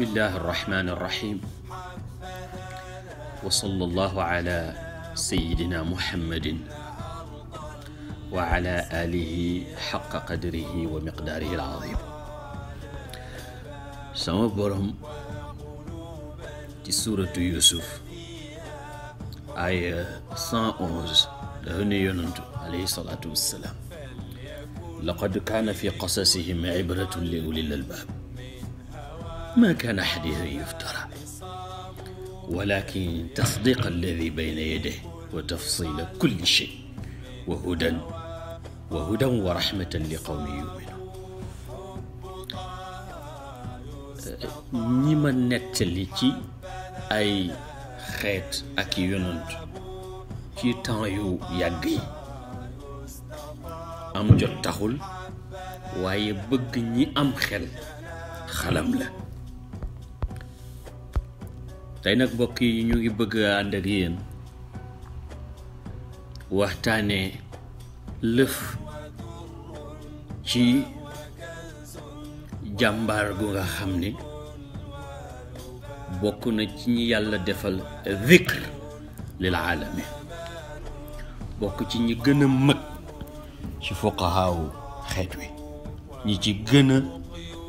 bismillahi arrahmani irrahim wa sallallahu ala sayidina muhammadin wa ala alihi xaqa qadrihi wa miqdaarihi alazim sama borom ci suuratu yusuf aaya 111 dafa ne yonantu alayhi salaatu wassalaam laqad kaana fi qasasihim ibratun li ulil albaab ما كان حديثا يفترى ولكن تصديق الذي بين يديه وتفصيل كل شيء وهدى وهدى ورحمة لقوم يؤمنون ñi ma nettali ci ay xeet ak yonant ci temps yu yàgg yi am jot taxul waaye bëgg ñi am xel xalam la tey nag mbokk yi ñu ngi bëgg ànd ak yéen waxtaanee lëf ci jàmbaar gu nga xam ni bokk na ci ñi yàlla defal zikr lil aalami bokk ci ñi gën a mag ci fuqahaawu xeet wi ñi ci gën a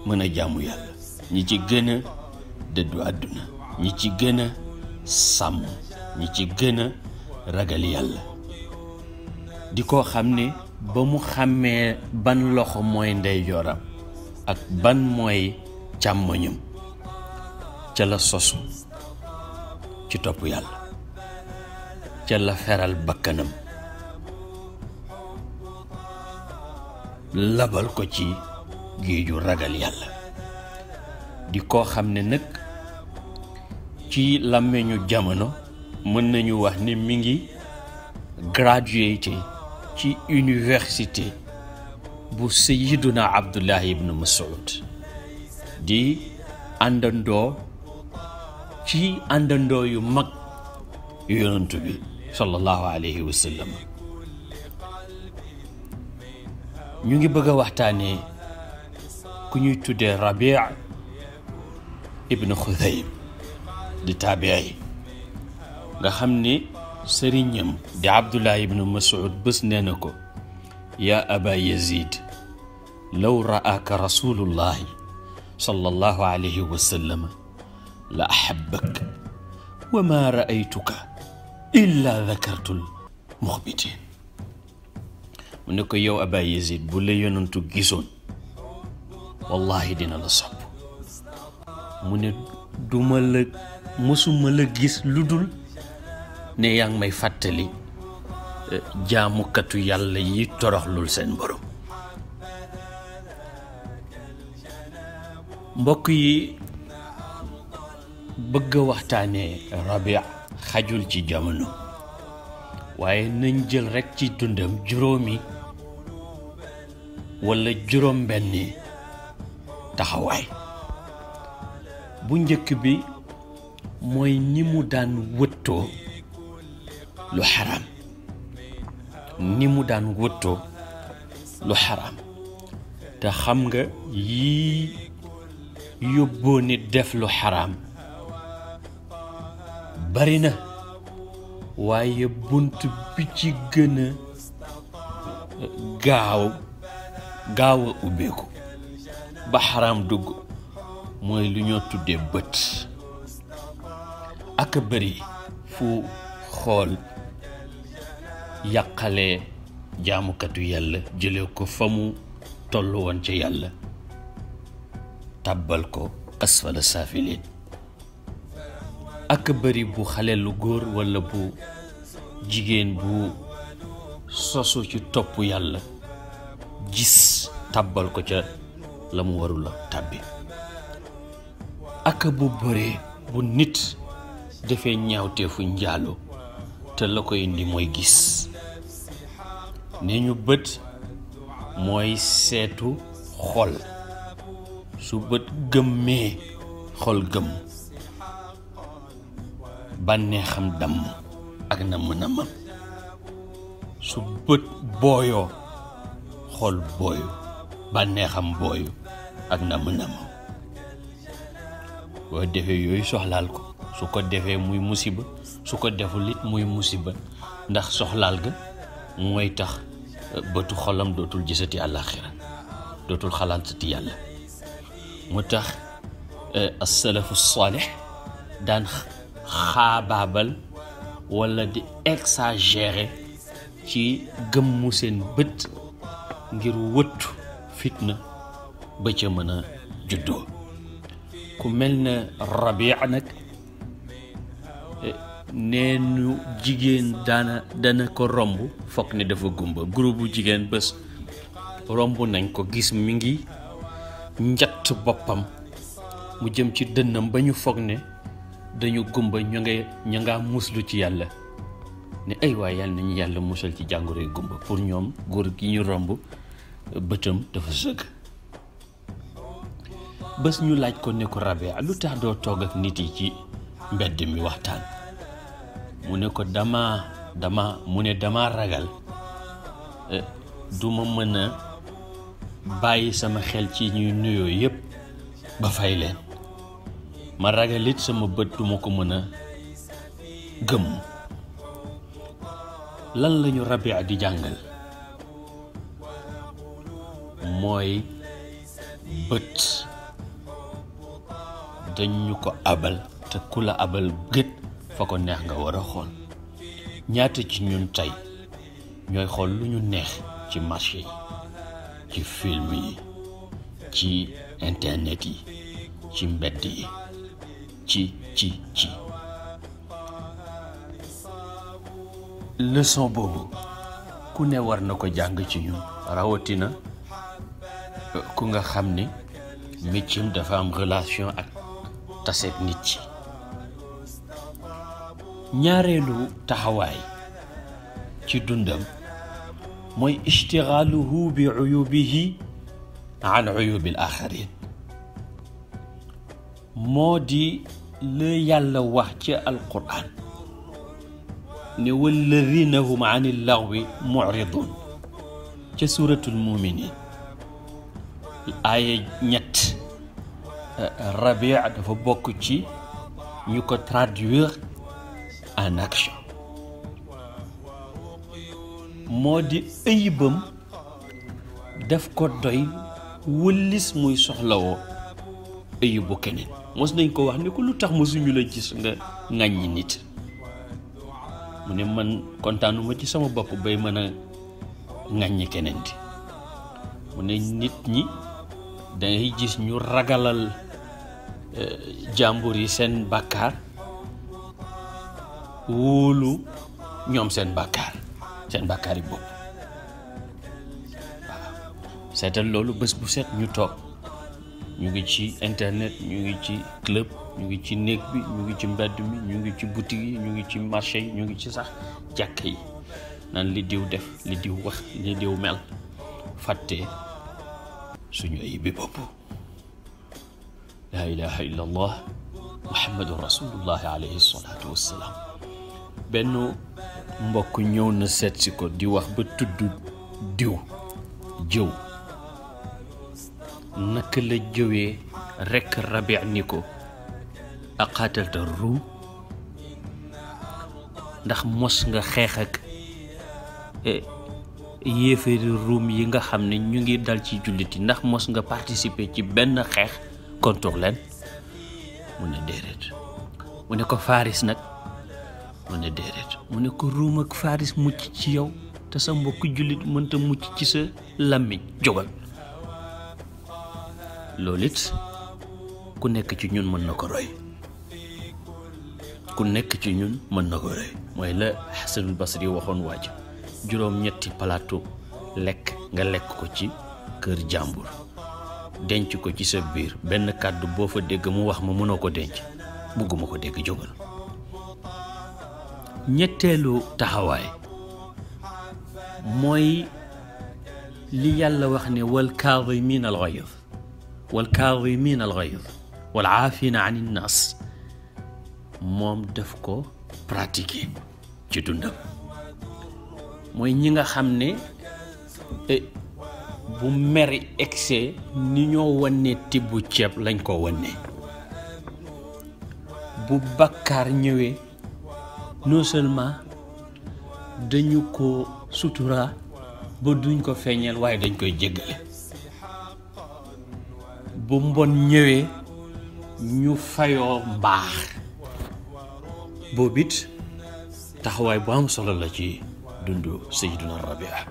mën a jaamu yàlla ñi ci gën a dëddu àdduna ñi ci gën a sàmm ñi ci gën a ragal yàlla di ko xam ne ba mu xàmmee ban loxo mooy ndeyjooram ak ban mooy càmmoñam ca la sosu ci topp yàlla ca la feral bakkanam labal ko ci géeju ragal yàlla di ko xam ne nag ci làmmeñu jamono mën nañu wax ni mi ngi graduate ci université bu Sayyiduna Abdullah ibn Mas'ud di àndandoo ci àndandoo yu mag yonent bi sallallahu alayhi wa ñu ngi bëgg a waxtaanee ku ñuy tuddee Rabi' ibn Khudayb di taabiya yi xam ni sëriñam di abdullah ibnu masud bés nee na ko yaa aba yazid law raaka rasulullahi sallallahu alayhi wa la ahabbak wa ma raaytuka illa dakartul muxbitin mu ne ko yow aba yazid bu la yonantu wallahi dina la sopp mu ne duma la mësuma la gis lu dul ne yaa ngi may fàttali eh, jaamukatu yàlla yi toroxlul seen borom mbokk yi bëgg a waxtaanee rabia xajul ci jamono waaye nañ jël rekk ci dundam juróomi walla juróom benni taxawaay bu njëkk bi mooy ni mu daan wëttoo lu xaraam ni mu daan wëttoo lu xaraam te xam nga yi yóbboo nit def lu xaraam bari na waaye bunt bi ci gën a gaaw gaaw a ba xaram dugg mooy lu ñoo tuddee bët ak bëri fu xool yàqalee jaamukatu yàlla jële ko fa mu toll woon ca yàlla tàbbal ko asfala saafiliin ak bëri bu xale lu góor walla bu jigéen bu sosu ci topp yàlla gis tàbbal ko ca la mu warul a tàbbi ak bu bëree bu nit defe ñaawteefu njaalo te la koy indi mooy gis ne ñu bët mooy seetu xol su bët gëmmee xol gëm bànnee xam damm ak na mën a mën su bët booyoo xol booyu bànnee xam booyu ak na mën a mën boo defee yooyu soxlaal ko su ko defee muy musiba su ko deful it muy musiba ndax soxlaal ga mooy tax euh, bëtu xolam dootul gisati àllaaxira dootul xalaatati yàlla mu tax euh, asalafu saalix daan xaabaabal wala di exagérer ci gëmmu seen bët ngir wëttu fitna ba ca mën a juddoo ku mel ne rabia nag neenu jigéen daana dana ko romb foog ne dafa gumba groupe jigéen bés romb nañ ko gis mi ngi njatt boppam mu jëm ci dënnam ba ñu foog ne dañu gumba ñu ngay ñu ngaa muslu ci yàlla ne ay waay yàlla nañu yàlla musal ci jàngoroy gumba pour ñoom góor gi ñu romb bëtam dafa sëgg bés ñu laaj ko ne ko Rabia lu tax doo toog ak nit yi ci mbedd mi waxtaan mu ne ko dama dama mu ne dama ragal e, du ma mën a bàyyi sama xel ci ñuy nuyoo yépp ba fay leen ma ragal sama bët du ma ko mën a gëm lan lañu rabia di jàngal mooy bët dañu ko abal te ku la abal gët fa neex nga war a xool ñaata ci ñun tey ñooy xool lu ñu neex ci marché yi ci film yi ci internet yi ci mbedd yi ci ci ci leçon boobu ku ne war na ko jàng ci ñun rawatina ku nga xam ni métier dafa am relation ak taseet nit ci ñaareelu taxawaay ci dundam mooy istigaaluhu bi uyubihi an uyubil axarin moo di la yàlla wax ci alquran ne walladina hum an illaghwi muridun ca suratul ñett rabi dafa bokk ci ñu ko traduire en moo di ëyibam def ko doy wëllis muy soxlawoo ëyibu keneen mos nañ ko wax ni ko lu tax mosuñu la gis nga ñi nit mu ne man kontaanuma ci sama bopp bay mën a ŋàññi keneen di mu ne nit ñi dangay gis ñu ragalal euh, jàmbur yi seen bàkkaar wóolu ñoom seen bàkkaar seen bàkkaar yi bopp seetal loolu bés bu set ñu toog ñu ngi ci internet ñu ngi ci club ñu ngi ci néeg bi ñu ngi ci mbedd mi ñu ngi ci boutique yi ñu ngi ci marché yi ñu ngi ci sax jàkk yi naan li diw def li diw wax li diw mel fàtte suñu ayibi bopp laa ilaha illa allah muhammadun rasulullahi alayhi salatu wassalaam benn mbokk ñëw na seetsi ko di wax ba tudd diw jëw naka la jëwee rekk rabi ni ko aqaatalta ruum ndax mos nga xeex ak eh, yéeféeri ruum yi nga xam ni ñu ngi dal ci jullit yi ndax mos nga participer ci benn xeex contre leen mu ne déedéet mu ne ko Faris nag mu ne déedéet mu ne ko ruum ak faris mucc ci yow te sa mbokku jullit mënta mucc ci sa làmmiñ jógal loolu it ku nekk ci ñun mën na ko roy ku nekk ci ñun mën na ko roy mooy la xasanul basri waxoon waaj juróom-ñetti palaatu lekk nga lekk ko ci kër jàmbur denc ko ci sa biir benn kàddu boo fa dégg mu wax ma mënoo ko denc bugguma ko dégg jógal ñetteelu taxawaay mooy li yàlla wax ne wal kaadimiina al gayz wal kaadimiina al gayz wal aafiina an innaas moom def ko pratiquer ci dundam mooy ñi nga xam ne e, bu mer excès ni ñoo wannee tibb ceeb lañ ko wannee bu bakkaar ñëwee non seulement dañu ko sutura ba duñ ko feeñal waaye dañ koy jéggale bu mbon ñëwee ñu fayoo mbaax boobit taxawaay bu am solo la ci dundu Sayyiduna Rabia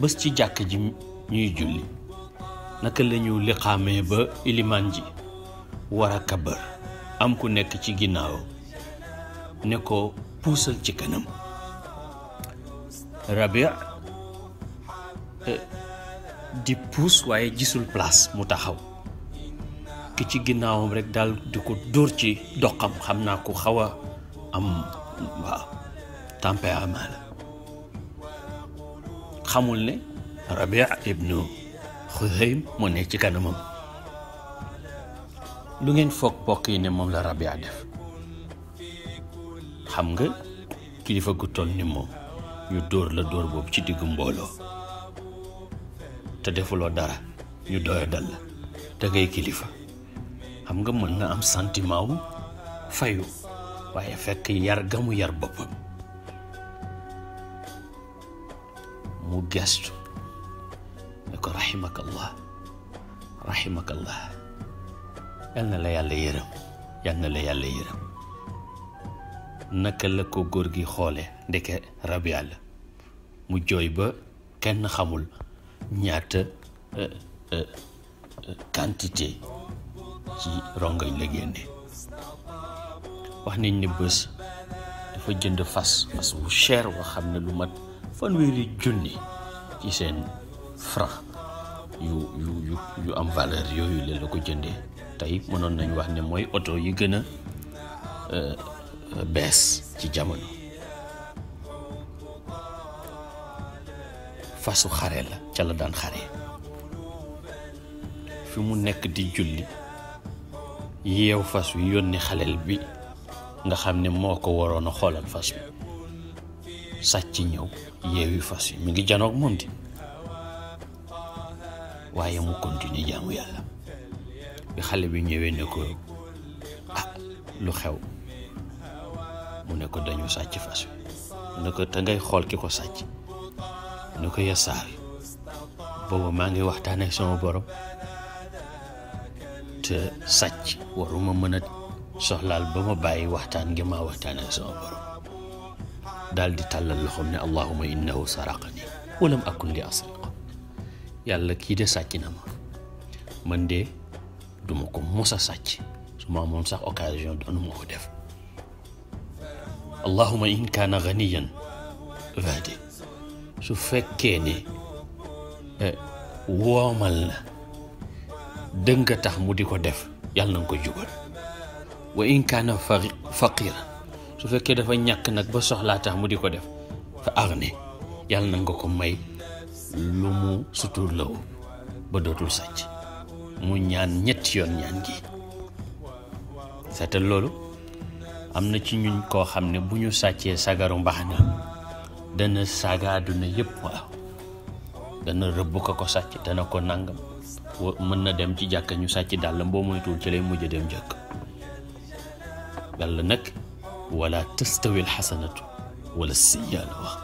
bés ci jàkk ji ñuy julli naka lañu liqaamee ba ilimaan ji war a am ku nekk ci ginnaaw ne ko puusal ci kanam Rabia eh, di puus waaye gisul place mu taxaw ki ci ginnaawam rekk daal di ko dóor ci doxam xam naa ku xaw a am waaw tempérament la xamul ne Rabia ibnu Xuzaym moo ne ci kanamam lu ngeen foog mbokk ne moom la Rabia def xam nga kilifa gu toll ni moom ñu dóor la dóor boobu ci diggu mbooloo te defuloo dara ñu doya dal la te ngay kilifa xam nga mën na am sentiment wu fayu waaye fekk yar ga mu yar boppam mu gestu ne ko raximakallah raximakallah yal na la yàlla yërëm yal na la yàlla yërëm naka la ko góor gi xoole ndeke rab yàlla mu jooy ba kenn xamul ñaata euh, euh, euh, quantité ci rongañ la génne wax nañ ni bés dafa jënd fas fas bu cher boo xam ne lu mat fanweeri junni ci seen franc yu yu yu yu am valeur yooyu la la ko jëndee tey mënoon nañ wax ne mooy oto yi gën a bees ci jamono fasu xare la ca la daan xare fi mu nekk di julli yeew fas wi yónni xaleel bi nga xam ne moo ko waroon a xoolal fas wi sàcc ñëw yeewi fas wi mi ngi janoog moom waaye mu continuer jaamu yàlla bi xale bi ñëwee ne ah lu xew mu ne ko dañu sàcc fas wi ne ko te ngay xool ki ko sàcc mu ne ko yasaar booba maa ngi waxtaan ak sama borom te sàcc waruma mën a soxlaal ba ma bàyyi waxtaan ngi maa waxtaan ak sama borom daal di tàllal loxom ne allahuma innahu saraqani walam akun li asriqa yàlla kii de sàcc na ma man de duma ko mos a sàcc su ma amoon sax occasion doonu ma ko def allahuma in kaana ganiyan vadi su fekkee ni eh, woomal na dënga tax mu di ko def yàlla na nga ko jugal wa in kaana faqira su fekkee dafa ñàkk nag ba soxlaa tax mu di ko def fa arne yàlla na nga ko may lu mu sutur law ba dootul sàcc mu ñaan ñetti yoon ñaan gi seetal loolu am na ci ñuñ koo xam ne bu ñu sàccee sagaru mbaxana dana saga àdduna yépp waaw dana rëbb ko ko sàcc dana ko nangam mën na dem ci jàkka ñu sàcc dàllam boo moytuwul ci lay mujj dem jàkk yàlla nag wala tastawi alxasanatu wala sayyaala wax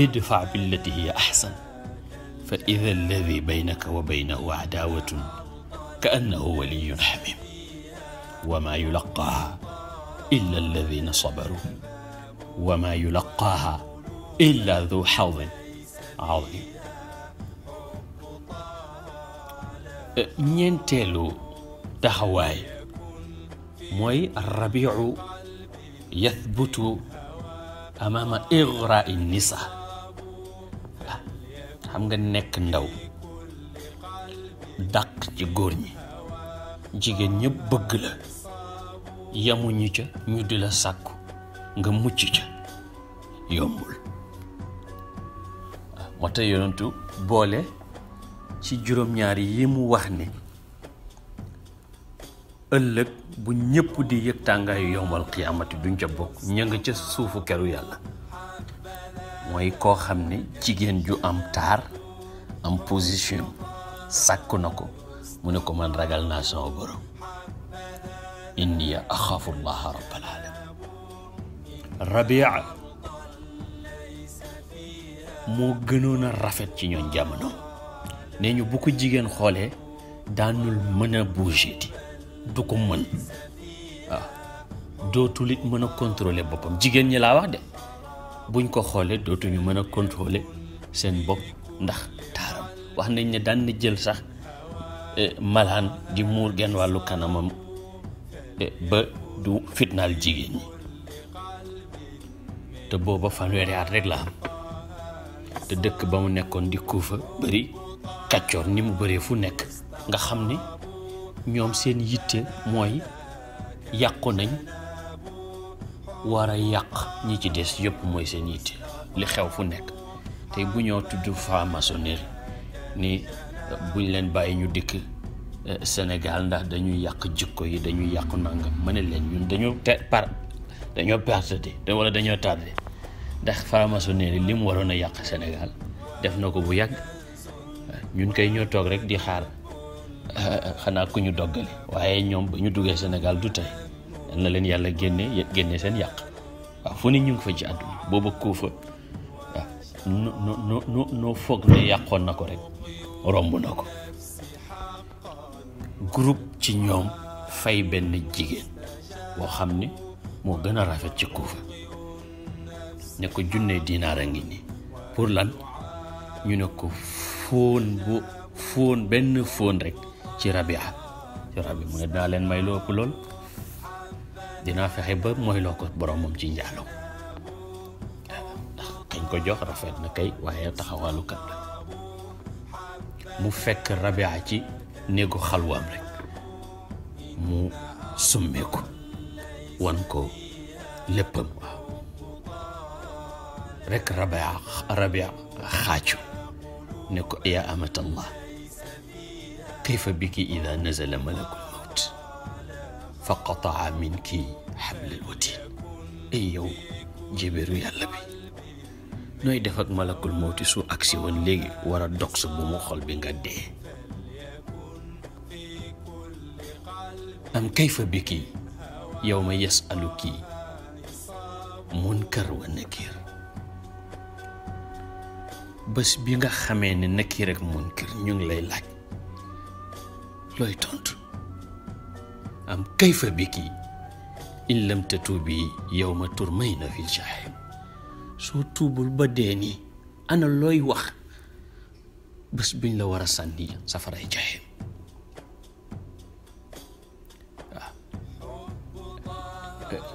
idfa billati hiya ahsan fa ida alladi baynaka wa baynahu adaawatun ka annahu waliyun xamim wa ma yulaqaa illa alladina sabaru wa ma yulaqaaha illa du xawdin azim ñeenteelu taxawaay mooy rabiu yathbutu amaama igraai nisa xam nga nekk ndaw dàq ci góor ñi jigéen ñëpp bëgg la yemuñu ca ñu di la sàkku nga mucc ca yombul ah, moo tax yonentu boole ci juróom-ñaar yi mu wax ni ëllëg bu ñëpp di yëg tàngaayu yombal xiyaamati duñ ca bokk ña ca suufu keru yàlla mooy koo xam ne jigéen ju am taar am position sàkku na ko mu ne ko man ragal naa sama borom inni axaafu llaha moo gënoon a rafet ci ñoom jamono nee ñu bu ko jigéen xoolee daanul mën a bouger ti du ko mën waaw ah, dootul it mën a contrôler boppam jigéen ñi laa wax de buñ ko xoolee dootuñu mën a contrôler seen bopp ndax taaram wax nañ ne daan na jël sax eh, malaan di muur genn wàllu kanamam ba du fitnaal jigéen ñi te booba fanweeri at rek la am te dëkk ba mu nekkoon di kuufa bëri kàccoor ni mu baree fu nekk nga xam ne ñoom seen yitte mooy yàqu nañ war yàq ñi ci des yëpp mooy seen yitte li xew fu nekk tey bu ñoo tudd franc ni buñ leen bàyyi ñu dikk Euh, Sénégal ndax dañuy yàq jikko yi dañuy yàqu nangam ma ne leen ñun dañoo te par dañoo perte de wala dañoo tardé ndax franc-maçonnerie li mu waroon a yàq Sénégal def na ko bu yàgg ñun kay ñëw toog rek di xaar euh, xanaa ku ñu doggale waaye ñoom ba ñu duggee Sénégal du tey yal leen yàlla génne génne seen yàq waaw fu ne ñu fa ci àdduna booba koo fa waaw noo noo noo foog ne yàqoon na ko rek romb na ko. groupe ci ñoom fay benn jigéen boo xam ni moo gën a rafet ci kuufa ne ko junne dinaar a ngi nii pour lan ñu ne ko fóon bu fóon benn fóon rekk ci rabia ci rabia mu ne dinaa leen may loo lool dinaa fexe ba mooy loo ko boromam ci njaalo ndax kañ ko jox rafet na kay waaye taxawaalu kat la mu fekk rabia ci néegu xalwaam rek mu summeeku wan ko léppam waaw rek rabia rabia xaacu ne ko ya amatallah kayfa biki ida nazala malakul mawt fa qataa minki xablal watin ay yow jébéru yàlla bi nooy def ak malakul mawti su agsi woon léegi war a dog sa bu mu xol bi nga dee am kayfa biki yawma yasaluki munkar wa nakir bés bi nga xamee ne nakir ak munkar ñu ngi lay laaj looy tontu am kayfa biki in lam tatuubi yawma turmayna fil jahim soo tuubul ba dee nii ana looy wax bés biñ la war a sànni safaray jahim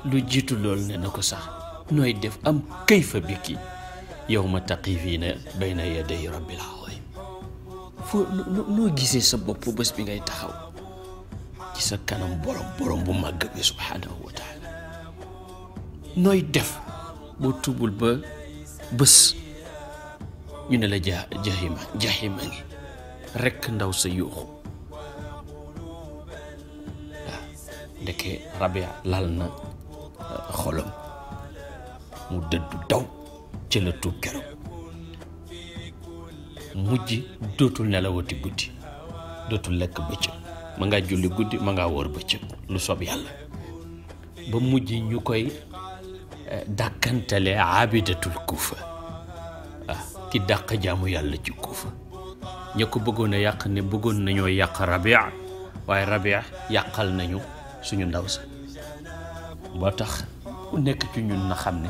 lu jiitu loolu ne na ko sax nooy def am kayfa biki yawma taqifiina bayna yaday rabbil azim foo noo gisee sa bopp bés bi ngay taxaw ci sa kanam borom borom bu màgg bi subhaanahu nooy def bu tubul ba bés ñu ne la ja jahima jahima ngi rekk ndaw sa yuuxu waaw ndeke rabia lal na mu dëddu daw ci la tuub keroog mujj dootul nelawati guddi dootul lekk bëccëg ma ngaa julli guddi ma ngaa wóor bëccëg lu sob yàlla ba mujj ñu koy eh, dàkkantale aabidatul kuufa ah ki dàq jaamu yàlla ci kuufa ña ko bëggoon yàq ne bëggoon nañoo yàq rabia waaye rabia yàqal nañu suñu ndaw sa boo tax ku nekk ci ñun na xam ne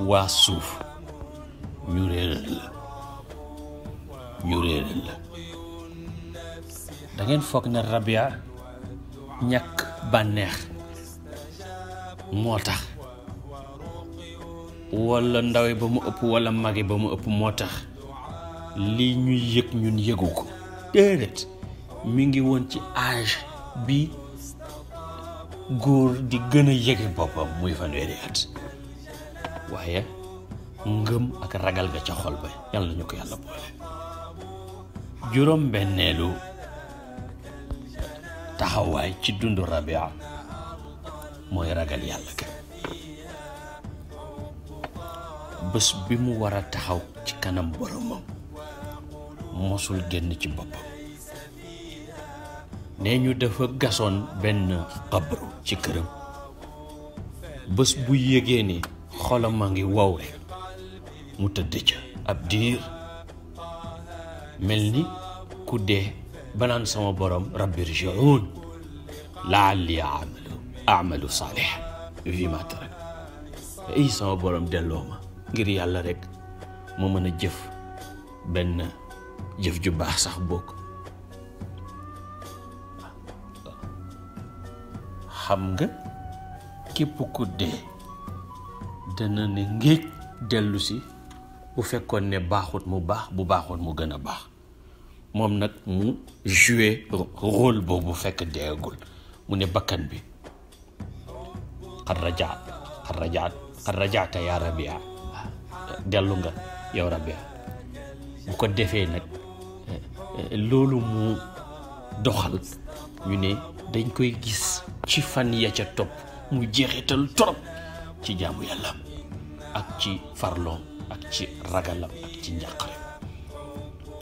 waa suuf ñu réeral la ñu réeral la da foog ne rabia ñàkk bànneex moo tax walla ndawe ba mu ëpp walla mage ba mu ëpp moo tax lii ñuy yëg ñun yëgu ko déedéet mi ngi woon ci âge bi góor di gën a yëge boppam muy fanweeri at ak ragal nga ca xol ba yàlla na juróom benneelu taxawaay ci dundu rabia mooy ragal yàlla ka bés bi mu war a taxaw ci kanam boromam mosul génn ci boppam nee ñu dafa gasoon benn xabru ci këram bés bu yégee ne xolam a ngi woowe mu tëdd ca ab diir mel ni ku dee banaan sama borom rabbi rjiun laalli amalu amalu saalih fi ma tarak ay sama borom delloo ma ngir yàlla rek ma mën a jëf benn jëf ju baax sax bokk xam nga képp ku xamante ne ngéej dellusi bu fekkoon ne baaxut mu baax bu baaxoon mu gën a baax moom nag mu joué rôle boobu fekk deegul mu ne bakkan bi xar rajaat xar rajaata yaa rabia dellu nga yow rabia bu ko defee nag loolu mu doxal ñu ne dañ koy gis ci fan ya ca topp mu jeexital trop ci jaamu yàlla ak ci farloom ak ci ragalam ak ci njàqare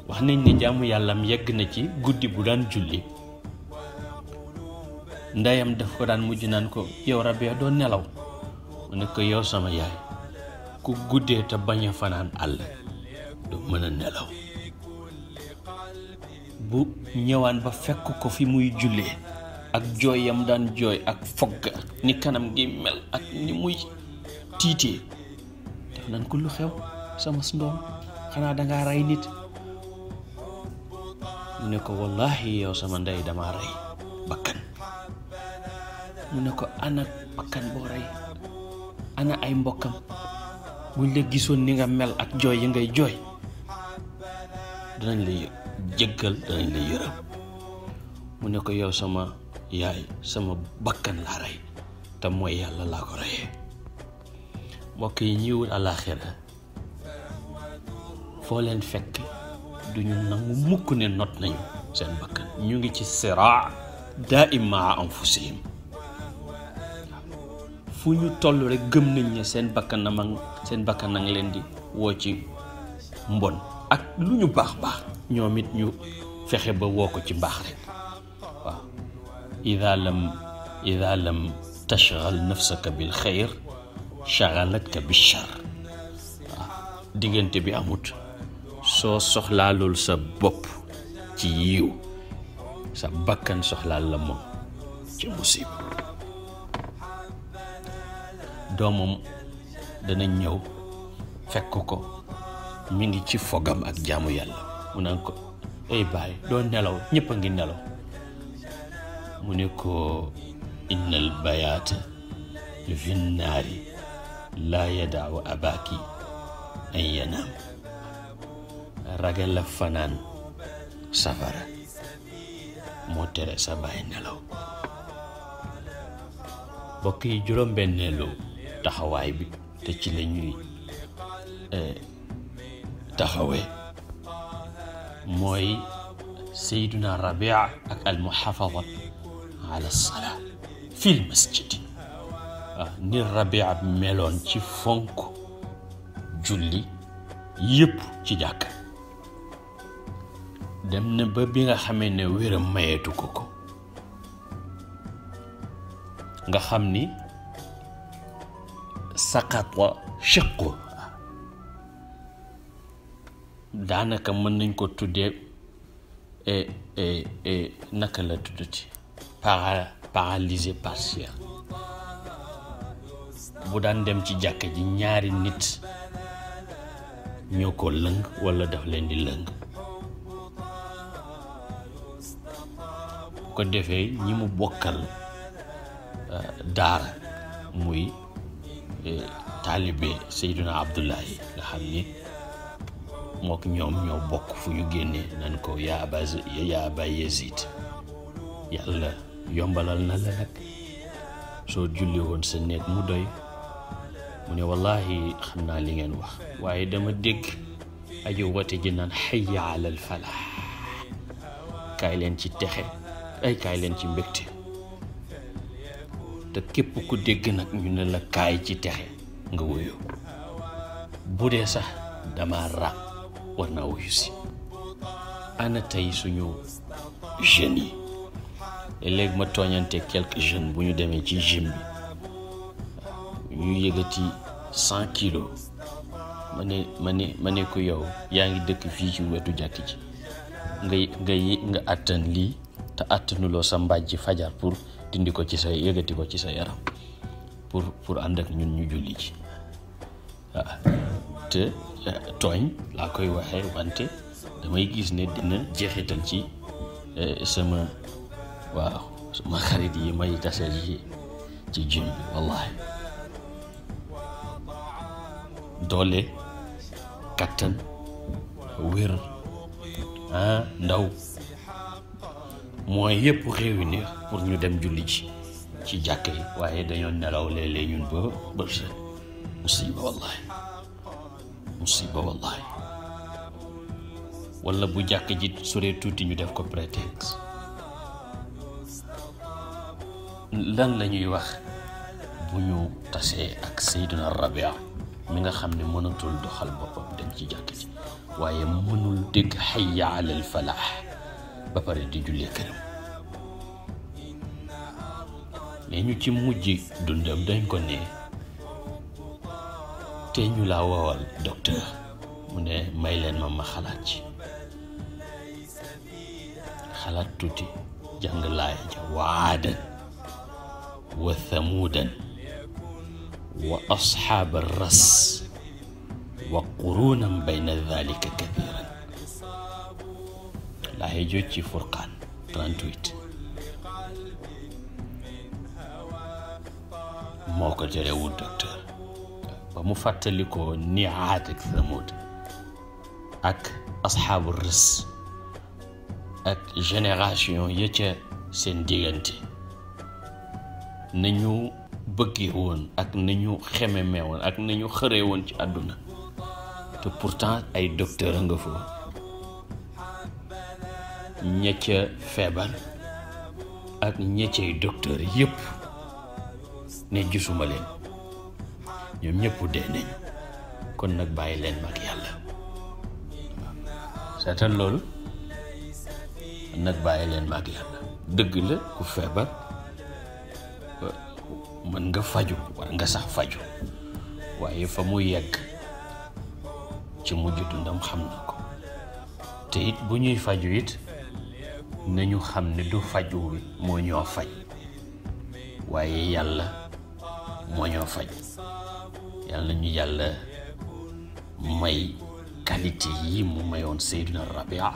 wax nañ ni jaamu yàllam yegg na ci guddi bu daan julli ndeyam daf ko daan mujj naan ko yow Rabia doo nelaw mu ne ko yow sama yaay ku guddee te bañ a fanaan àll doo mën a nelaw bu ñëwaan ba fekk ko fi muy jullee ak jooyam daan jooy ak fogg ni kanam gi mel ak ni muy tiitee lan ko xew sama ndoom xanaa dangaa rey nit mu ne ko wallahi yow sama ndey dama rey bakkan mu ne ko ana bakkan boo rey ana ay mbokkam buñ la gisoon ni nga mel ak jooy yi ngay jooy danañ la jëggal danañ mu ne ko yow sama yaay sama bakkan laa rey te mooy yàlla laa ko reyee mbokk yi ñuy wut àllaaxira foo leen fekk duñu nangu mukk ne not nañu seen bakkan ñu ngi ci siraa daa im maa anfusihim fu ñu toll rek gëm nañ ne seen bakkan na ma leen di woo ci mbon ak lu ñu baax baax ñoom it ñu fexe ba woo ko ci mbaax rek waaw ida lam ida lam tashgal nafsaka bil xayr chagalatka bi char waaw diggante bi amut soo soxlaalul sa bopp ci yiw sa bakkan soxlaal la moom ci musiba doomam dana ñëw fekk ko mu ngi ci foogam ak jaamu yàlla mu naan ko ay baay doo nelaw ñëpp a ngi nelaw mu ne ko innal bayaata laa yadaaw abaki an yanaam ragal a fanaan safara moo tere sa bàyyi nelaw bokk yi juróom-benneelu taxawaay bi te ci la ñuy eh, taxawee mooy sayduna rabia ak almuhafaza ala salaa fi l ni rabia meloon ci fonk julli yépp ci jàkk dem na ba bi nga xamee ne wéram mayeetu ko ko nga xam ni saqatwa shiqu daanaka mën nañ ko tuddee e, e, naka la tuddati para paralysé partiel bu daan dem ci jàkk ji ñaari nit ñoo ko lëng walla daf leen di lëng bu ko defee ñi mu bokkal eh, daara muy eh, taalibe Seyduna Abdullahi nga xam ni mook ñoom ñoo bokk fu ñu génnee nan ko yaa aba yàlla yombalal na la nag soo julli woon sa néeg mu doy mu ne wallahi xam naa li ngeen wax waaye dama dégg aji woote ji naan xayya alal falaax kaay leen ci texe ay kaay leen ci mbégte te képp ku dégg nag ñu ne la kaay ci texe nga wuyu bu dee sax dama ràpp war naa wuyu si ana tey suñu jeunes yi léeg-léeg ma tooñante quelques jeunes bu ñu demee ci gym ñu yëgati cent kilos ma ne ma ne ma ne ko yow yaa ngi dëkk fii ci wetu jàkk ji nga nga nga àttan lii te àttanuloo sa mbàjj fajar pour dindi ko ci sa yëgati ko ci sa yaram pour pour ànd ak ñun ñu julli ci ah, te ah, tooñ laa koy waxe wante damay gis ne dina jeexital ci eh, sama waaw sama xarit yi may tase ci ci bi wallahi doole kattan wér ah ndaw mooy yëpp réunir pour ñu dem julli ci ci jàkk yi waaye dañoo nelaw léeg-léeg ñun ba ba set musiba wallahi musiba bu jàkk ji soree tuuti ñu def ko prétexte lan lañuy wax bu ñu tasee ak Seydina Rabia mi nga xam ne mënatul doxal boppam dem ci jàkk ji waaye mënul dégg xayya alal falaax ba pare di jullee këram mais ñu ci mujj dundam dañ ko ne te ñu la wowal docteur mu ne may leen ma ma xalaat ci xalaat tuuti jàng laaya ja waadan wa thamuudan wa asxaab ras wa qurunan bayna dalika kathiran laaye jooci furqaan 38 moo ko terewul docteur ba mu fàttali ko ni Aad ak Thamud ak asxaabu ras ak génération ya ca seen diggante nañu bëggee woon ak nañu xememe woon ak nañu xëree woon ci àdduna te pourtant ay docteur a nga foofu ña feebar ak ña cay docteur yépp ne gisuma leen ñoom ñëpp dee nañ kon nag bàyyi leen mag yàlla seetal loolu nag bàyyi leen mag yàlla dëgg la ku feebar mën nga faju war nga sax faju waaye fa mu yegg ci mujj dundam xam na ko te it bu ñuy faju it nañu xam ne du faju wi moo ñoo faj waaye yàlla moo ñoo faj yàlla ñu yàlla may qualité yi mu mayoon Seydina Rabia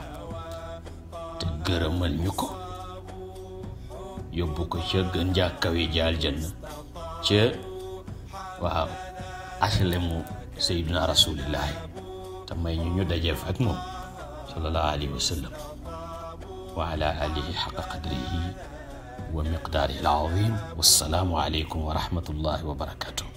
te gërëmal ñu ko yóbbu ko ca gën jaa kawe jaal janna ca waaw HLM Seydina Rasulillah te may ñu ñu dajeef ak moom sallallahu alayhi wa sallam wa ala alihi xaqa qadrihi wa miqdaarihi al azim wassalaamu aleykum wa rahmatullahi wa barakatuh